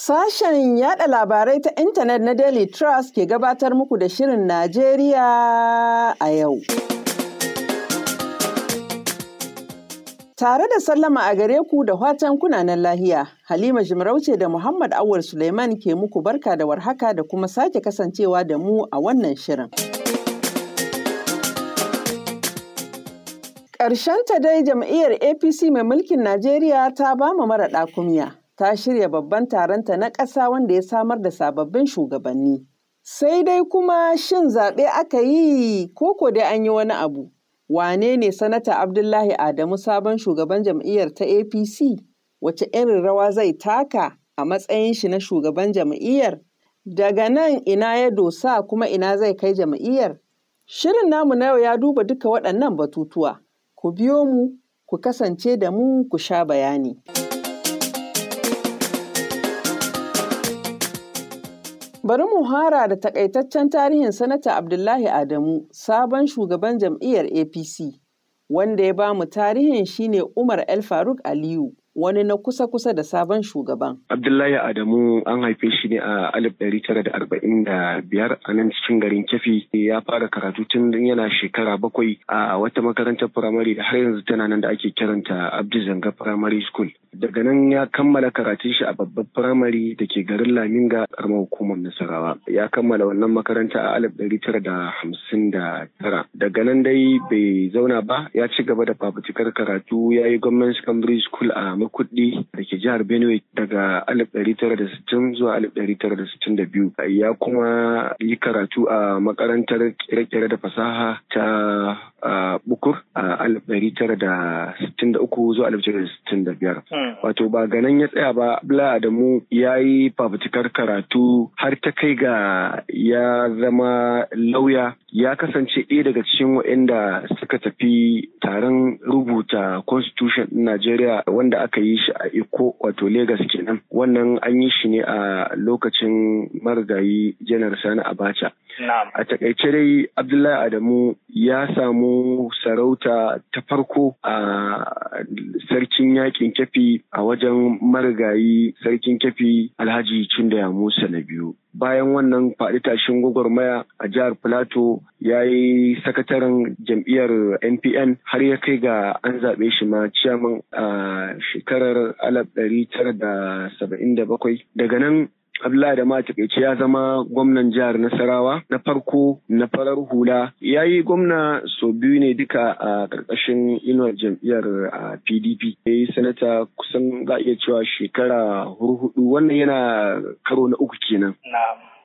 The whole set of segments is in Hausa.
Sashen yada labarai ta intanet na Daily Trust ke gabatar muku da Shirin Najeriya a yau. Tare da sallama a gare ku da watan kunanan lahiya, Halima Jimarauce da Muhammad Awul Suleiman ke muku barka da warhaka da kuma sake kasancewa da mu a wannan shirin. ta dai jam'iyyar APC mai mulkin Najeriya ta ba mu mara ɗakumiya. ta shirya babban taronta na ƙasa wanda ya samar da sababbin shugabanni. Sai dai kuma shin zaɓe aka yi koko dai an yi wani abu? Wane ne Sanata Abdullahi Adamu sabon shugaban jam'iyyar ta APC? Wace irin rawa zai taka a matsayin shi na shugaban jam'iyyar? Daga nan ina ya dosa kuma ina zai kai jam'iyyar? Shirin namu na yau ya duba duka waɗannan batutuwa. Ku biyo mu, ku kasance da mu ku sha bayani. Bari mu hara da takaitaccen tarihin Sanata Abdullahi Adamu, sabon shugaban jam'iyyar APC, wanda ya ba mu tarihin shine Umar El Faruk Aliyu. wani na kusa-kusa da sabon shugaban. Abdullahi Adamu an haife shi ne a 1945 a nan cikin garin Kefi ya fara karatu tun yana shekara bakwai a wata makarantar firamare da har yanzu tana nan da ake kiranta Abdi Zanga Primary School. Daga nan ya kammala karatun shi a babban firamare da ke garin Laminga karamar hukumar Nasarawa. Ya kammala wannan makaranta a 1959. Daga nan dai bai zauna ba ya ci gaba da fafutukar karatu ya yi gwamnati Cambridge School a kuɗi da ke jihar Benue daga 1960 zuwa 1962. Ya kuma yi karatu a makarantar kere-kere da fasaha ta bukur a alif ɗari tara da sittin da uku zuwa alif tara da sittin da biyar. Hmm. Wato ba ganin ya tsaya ba Abla Adamu ya yi fafutukar karatu har ta kai ga ya zama lauya ya kasance ɗaya daga cikin waɗanda suka tafi taron rubuta constitution ɗin Najeriya wanda aka yi shi a Iko wato Legas kenan wannan an yi shi ne a lokacin marigayi janar Sani Abacha. A takaice dai Abdullahi Adamu ya samu sarauta ta farko a sarkin yakin kyafi a wajen marigayi sarkin kyafi alhaji ya musa na biyu bayan wannan faɗi tashin gwagwarmaya a jihar plateau ya yi sakataren jam'iyyar npn har ya kai ga an zaɓe shi ma ciyaman a shekarar 1977 daga nan Abdullahi da Matakaici ya zama gwamnan jihar Nasarawa na farko na farar hula. Ya yi gwamna so biyu ne duka a ƙarƙashin inuwar jam'iyyar PDP. Ya yi sanata kusan za'a iya cewa shekara hurhudu wannan yana karo na uku kenan.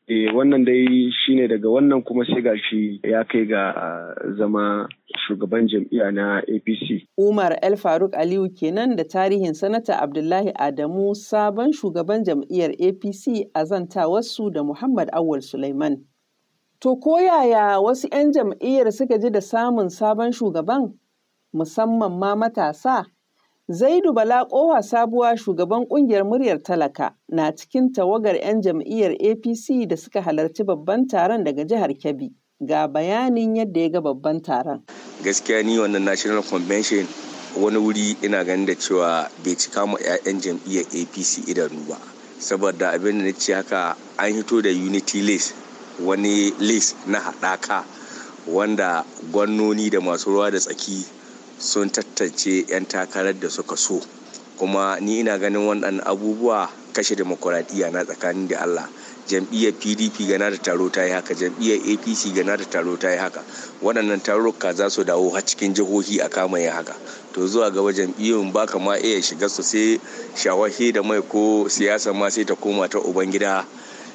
eh wannan dai shine daga wannan kuma sai gashi ya kai ga ah, zama shugaban jam'iyya na apc umar el faruk aliyu kenan da tarihin sanata abdullahi adamu sabon shugaban jam'iyyar apc a zanta wasu da muhammad awal suleiman to ko yaya wasu 'yan jam'iyyar suka ji da samun sabon shugaban musamman ma matasa Zaidu Bala Kowa Sabuwa shugaban kungiyar muryar talaka na cikin tawagar 'yan jam'iyyar APC da suka halarci babban taron daga jihar Kebbi. Ga bayanin yadda ya ga babban taron. Gaskiya ni wannan National Convention wani wuri ina ganin da cewa bai cika ma 'ya'yan jam'iyyar APC idanu ba. Saboda abin da na ce haka an hito da Unity List wani list na haɗaka wanda gwannoni da masu ruwa da tsaki sun tattace 'yan takarar da suka so kuma ni ina ganin waɗannan abubuwa kashe demokuraɗiyya na tsakanin da allah jam'iyyar pdp gana da taro ta yi haka jam'iyyar apc gana da taro ta yi haka waɗannan tarurruka za su dawo har cikin jihohi a kama ya haka to zuwa gaba jam'iyyun ba kama iya shiga su sai shawahi da mai ko siyasa ma sai ta koma ta ubangida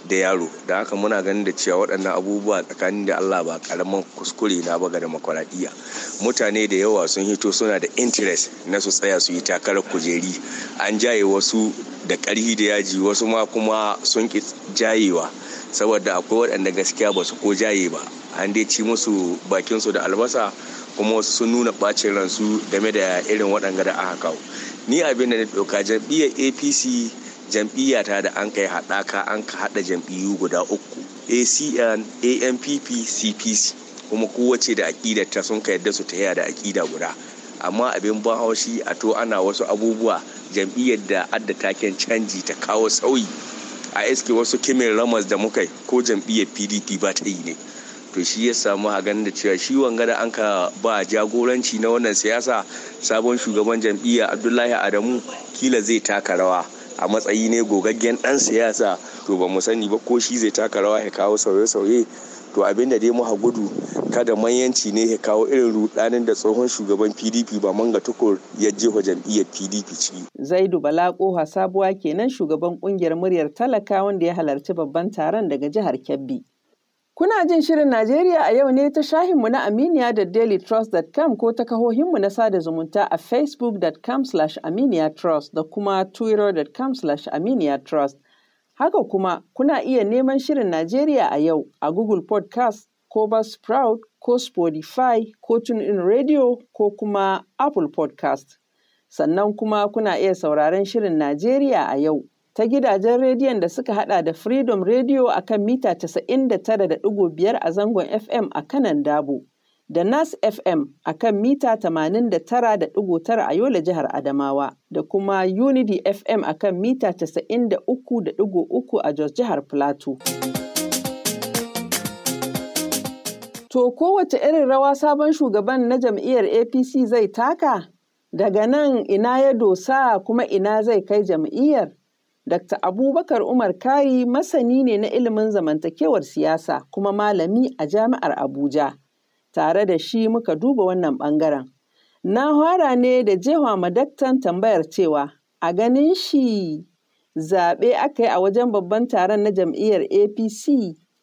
da yaro da haka muna ganin da cewa waɗannan abubuwa tsakanin da allah ba karamin kuskure na ba ga demokuraɗiyya mutane da yawa sun hito suna da interest na su tsaya su yi takarar kujeri an jaye wasu da ƙarhi da yaji wasu ma kuma sun ki jayewa saboda akwai waɗanda gaskiya ba su ko jaye ba an dai ci musu bakinsu da albasa kuma wasu sun nuna ɓacin ransu game da irin waɗanga da aka kawo ni abinda na ɗauka jam'iyyar apc jam'iyyata da an kai haɗaka an ka haɗa jam'iyyu guda uku acn ampp cpc kuma kowace da aƙida ta sun ka yadda su ta yaya da aƙida guda amma abin ban haushi a to ana wasu abubuwa jam'iyyar da adda taken canji ta kawo sauyi a iske wasu kimin ramas da muka ko jam'iyyar pdp ba ta yi ne to shi ya samu a ganin da cewa shi wanga da an ka ba jagoranci na wannan siyasa sabon shugaban jam'iyyar abdullahi adamu kila zai taka rawa a matsayi ne gogaggen dan siyasa to ba mu sani ba ko shi zai taka rawa ya kawo sauye-sauye to abin da dai muka gudu kada manyanci ne ya kawo irin rudanin da tsohon shugaban pdp ba manga tukur ya jefa jam'iyyar pdp ciki. zaidu balako sabuwa kenan shugaban kungiyar muryar talaka wanda ya halarci babban taron daga jihar kebbi. Kuna jin Shirin Najeriya a yau ne ta shahinmu na Aminiya da dailytrust.com ko ta kahohinmu na sada zumunta a facebookcom trust da kuma twittercom trust Haka kuma kuna iya neman Shirin Najeriya a yau a Google Podcast ko Buzzsprout ko Spotify ko TuneIn Radio ko kuma Apple Podcast. Sannan kuma kuna iya sauraron Shirin Najeriya a yau ta gidajen rediyon da suka hada da Freedom Radio a kan mita 99.5 a zangon FM a kanan Dabo, da Nas FM a kan mita 89.9 a Yola jihar Adamawa, da kuma Unity FM a kan mita 93.3 a Jos jihar Plateau. To kowace irin rawa sabon shugaban na jam'iyyar APC zai taka? Daga nan ina ya dosa kuma ina zai kai jam'iyyar? Dr. Abubakar Umar Kari masani ne na ilimin zamantakewar siyasa kuma malami a jami'ar Abuja. Tare da shi muka duba wannan ɓangaren. Na hora ne da jewa madaktan tambayar cewa a ganin shi zaɓe aka yi a wajen babban taron na jam'iyyar APC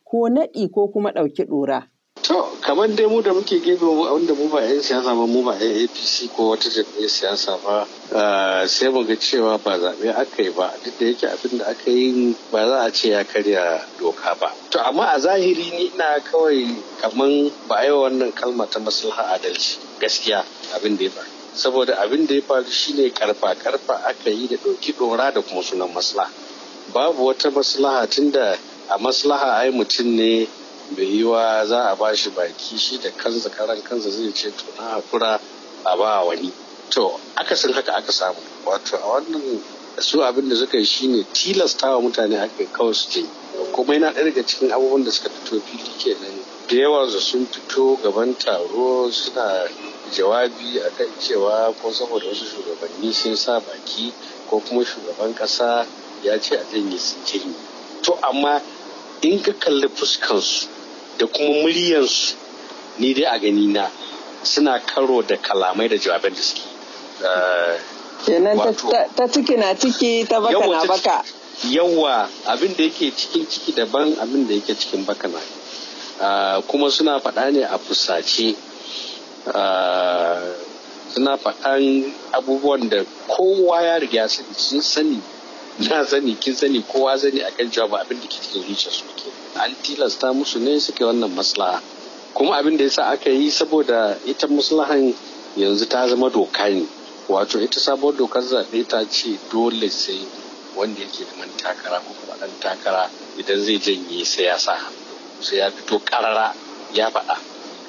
ko naɗi ko kuma ɗauki ɗora. To, kamar dai mu da muke gefe wanda mu ba 'yan siyasa ba mu ba 'yan APC ko wata jam'iyyar siyasa ba eh, sai mu ga cewa ba zaɓe aka yi ba duk da yake abin da aka yi ba za a ce ya karya doka ba. To, amma a zahiri ni ina kawai kamar ba a yi wannan kalma ta maslaha adalci gaskiya abin da ya faru. Saboda abin da ya faru shine karfa-karfa aka yi da ɗauki ɗora da kuma sunan maslaha. Babu wata maslaha tunda a maslaha ai mutum ne mai yiwa za a ba shi baki shi da kansa karan kansa zai ce to na hakura a ba wani to akasin haka aka samu wato a wannan su abin da suka yi shine tilasta wa mutane aka kawai su je kuma yana ɗaya daga cikin abubuwan da suka fito fili kenan da yawa sun fito gaban taro suna jawabi a kan cewa ko saboda wasu shugabanni sun sa baki ko kuma shugaban ƙasa ya ce a janye sun to amma in ka kalli fuskansu da kuma muryansu ni dai a gani na suna karo da kalamai da jawaban da suke eh, kenan ta ciki na ciki ta baka na baka yawa abin da yake cikin ciki daban abin da yake cikin baka na eh, kuma suna faɗa ne a fusace eh, suna faɗan abubuwan da kowa ya riga sun sani na sani kin sani kowa sani akan cewa ba abin da ke cikin su ke an tilasta musu ne suke wannan maslaha kuma abin da yasa aka yi saboda ita maslahan yanzu ta zama doka ne wato ita sabuwar dokar zaɓe ta ce dole sai wanda yake neman takara ko kuma ɗan takara idan zai janye sai ya sa sai ya fito ƙarara ya faɗa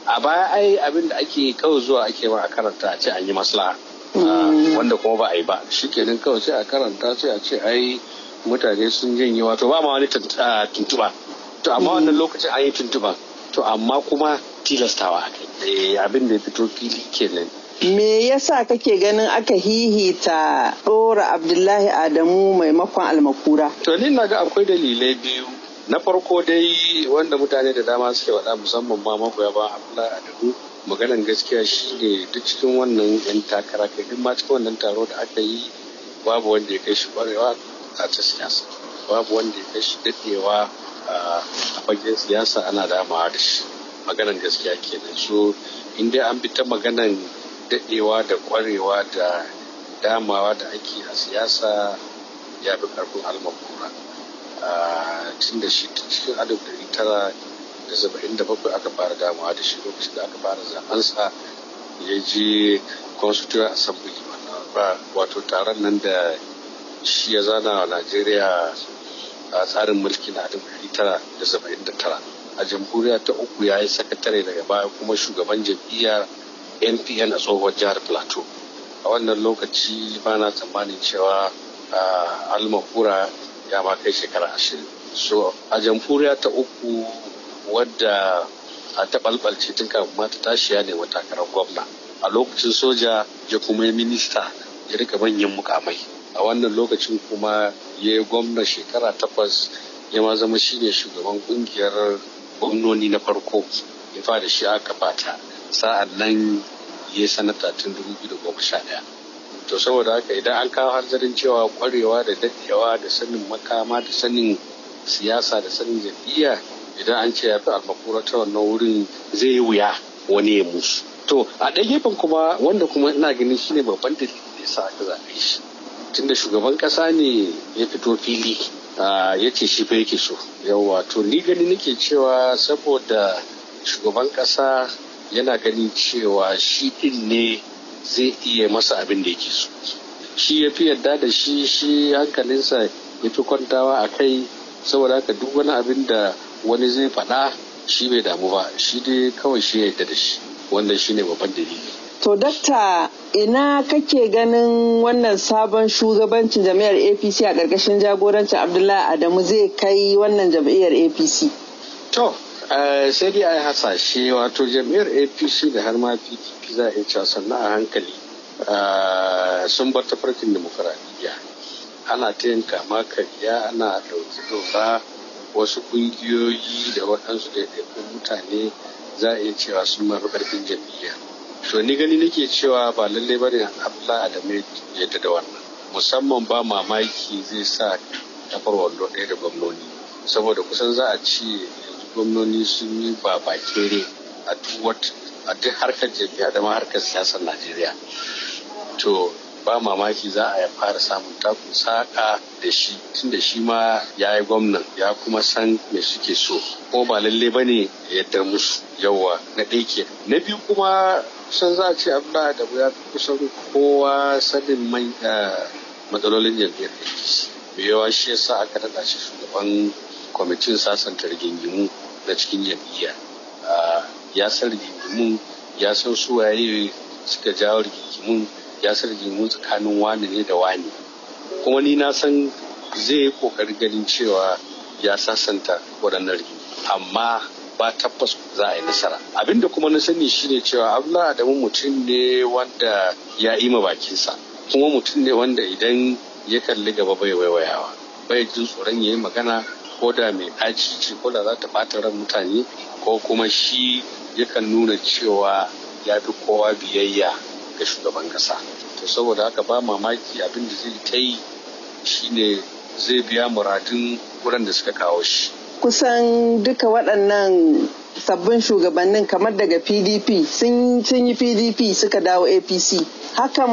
a baya ai abin da ake kawai zuwa ake ma a karanta a ce an yi maslaha mm. wanda kuma ba a yi ba shi kenan kawai sai a karanta sai a ce ai mutane sun janye wato ba ma wani tuntuɓa to amma wannan eh. lokacin an yi tuntuba to amma kuma tilastawa aka eh, abin da ya fito fili kenan me yasa kake ganin aka hihita ɗora abdullahi adamu maimakon almakura to ni na ga akwai dalilai biyu na farko dai wanda mutane da dama suke waɗa musamman ma magoya ba abdullahi adamu maganan gaskiya shine duk cikin wannan yan takara kai duk ma cikin wannan taro da aka yi babu wanda ya kai shi kwarewa a ta siyasa babu wanda ya kai shi daɗewa a fagen siyasa ana damawa da shi maganan gaskiya kenan so inda an bi ta maganan daɗewa da ƙwarewa da damawa da ake a siyasa ya fi ƙarfin almakura tun da shi cikin alif ɗari tara da saba'in da bakwai aka fara damawa da shi lokacin da aka fara zamansa ya je constituent assembly wato taron nan da shi ya zana wa najeriya a tsarin mulki na tara a jamhuriya ta uku ya yi sakatare daga baya kuma shugaban jam'iyyar npn a tsohon jihar plateau a wannan lokaci ba na tsammanin cewa almakura ya ma kai shekara ashirin so a jamhuriya ta uku wadda a taɓalɓalce tun kafin mata ta tashi ya nemi takarar gwamna a lokacin soja ya kuma yi minista ya rika manyan mukamai a wannan lokacin kuma ya yi gwamna shekara takwas ya ma zama shine shugaban kungiyar gwamnoni na farko ya fara shi aka fata sa'an nan ya yi sanata tun 2011 to saboda haka idan an kawo hanzarin cewa kwarewa da daɗewa da sanin makama da sanin siyasa da sanin jam'iyya idan an ce ya fi almakura ta wannan wurin zai yi wuya wani ya musu to a ɗan gefen kuma wanda kuma ina ganin shine babban dalilin da ya sa aka zaɓe shi tunda shugaban ƙasa ne ya fito fili ya ce shi fa yake so yawa to ni gani nake cewa saboda shugaban kasa yana gani cewa shi din ne zai iya masa abin da yake so shi ya fi yadda da shi shi hankalinsa ya fi kwantawa a kai saboda haka duk wani abin da wani zai faɗa shi bai damu ba shi dai kawai shi ya yadda da shi wannan ne babban dalili To dakta ina kake ganin wannan sabon shugabancin jami'ar APC a ƙarƙashin jagorancin Abdullahi Adamu zai kai wannan jami'ar APC? To, eh, sai dai a yi hasashe wato jami'ar APC da har ma PDP za a iya cewa sannan a hankali eh, sun bar tafarkin demokuraɗiyya. Ana ta yin kama karya ana ɗauki ɗora wasu ƙungiyoyi da waɗansu ɗaiɗaikun mutane za a iya cewa sun mafi ƙarfin to ni gani nake cewa ba lalle ba ne Allah adamu ya yadda da wannan musamman ba mamaki zai sa kafar wando ɗaya da gwamnoni saboda kusan za a ce gwamnoni sun yi ba bakere a duk harkar jami'a da harkar siyasar najeriya to ba mamaki za a fara samun takun saƙa da shi tun da shi ma ya yi gwamnan ya kuma san me suke so ko ba lalle ba ne yadda musu yawa na ɗaike na biyu kuma kusan za a ce abdullahi da ya fi kusan kowa sanin man eh, matsalolin jam'iyyar apc mai yawa shi ya sa aka daɗa shi shugaban kwamitin sasanta rigingimu na cikin jam'iyya ah, ya san rigingimu ya san su waye suka jawo rigingimu ya san rigingimu tsakanin wani ne da wani kuma ni na san zai yi ƙoƙarin ganin cewa ya sasanta waɗannan rigingimu amma ba tabbas za a yi nasara abinda kuma na sani shine cewa da adamu mutum ne wanda ya yi ma bakinsa kuma mutum ne wanda idan ya kalli gaba bai waiwayawa bai jin tsoron ya yi magana ko da mai aji ce ko da za ta ɓata ran mutane ko kuma shi yakan nuna cewa ya fi kowa biyayya ga shugaban kasa. to saboda haka ba mamaki abin da zai ta yi shine zai biya muradin wurin da suka kawo shi kusan duka waɗannan sabbin shugabannin kamar daga pdp sun yi pdp suka dawo apc hakan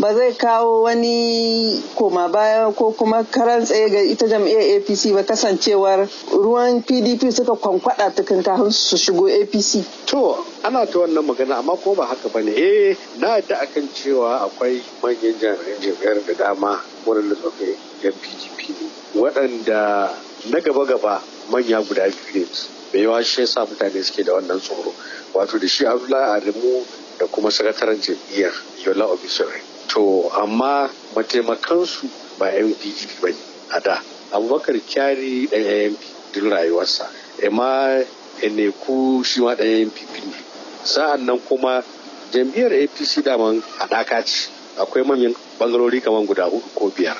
ba zai kawo wani koma baya ko kuma karan tsaye ga ita jam'iyyar apc ba kasancewar ruwan pdp suka kwankwada tukun kafin su shigo apc to ana ta wannan magana amma ko ba haka bane eh na da akan cewa akwai manyan jami'an jam'iyyar da dama wurin da tsofe yan pdp ne waɗanda na gaba gaba manya guda biyu ne mai yawa shi yasa mutane suke da wannan tsoro wato da shi abdullahi adamu da kuma sakataren jam'iyyar yola obisore to amma mataimakansu ba mdp ba ne a da abubakar kyari ɗan amp din rayuwarsa amma eneku shi ma ɗan ampp ne sa'an nan kuma jam'iyyar apc daman haɗaka ce akwai manyan bangarori kamar guda hudu ko biyar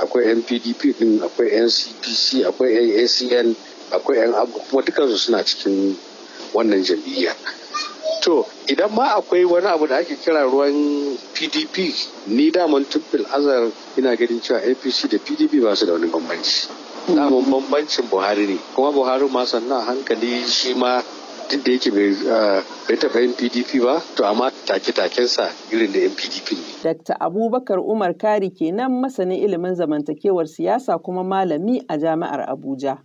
akwai NPDP din akwai NCPC akwai AACN akwai yan kuma dukansu suna cikin wannan jam'iyya to idan ma akwai wani abu da ake kira ruwan pdp ni daman tubbil azar ina ganin cewa apc da pdp ba su da wani bambanci daman bambancin buhari ne kuma buhari ma sannan hankali shi ma duk da yake bai ah, taɓa yin pdp ba to amma take-takensa irin da yan pdp ne. dr abubakar umar kari kenan masanin ilimin zamantakewar siyasa kuma malami a jami'ar abuja.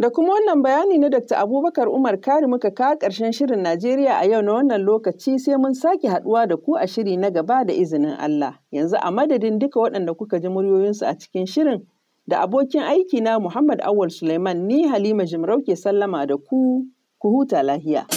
Da kuma wannan bayani na Dr. Abubakar Umar Kari muka ka ƙarshen shirin Najeriya a yau na wannan lokaci sai mun sake haduwa da ku a shiri na gaba da izinin Allah. Yanzu a madadin duka waɗanda kuka ji muryoyinsu a cikin shirin, da abokin aikina Muhammad Awal Suleiman ni Halima Jimarau ke sallama da ku, ku huta lahiya.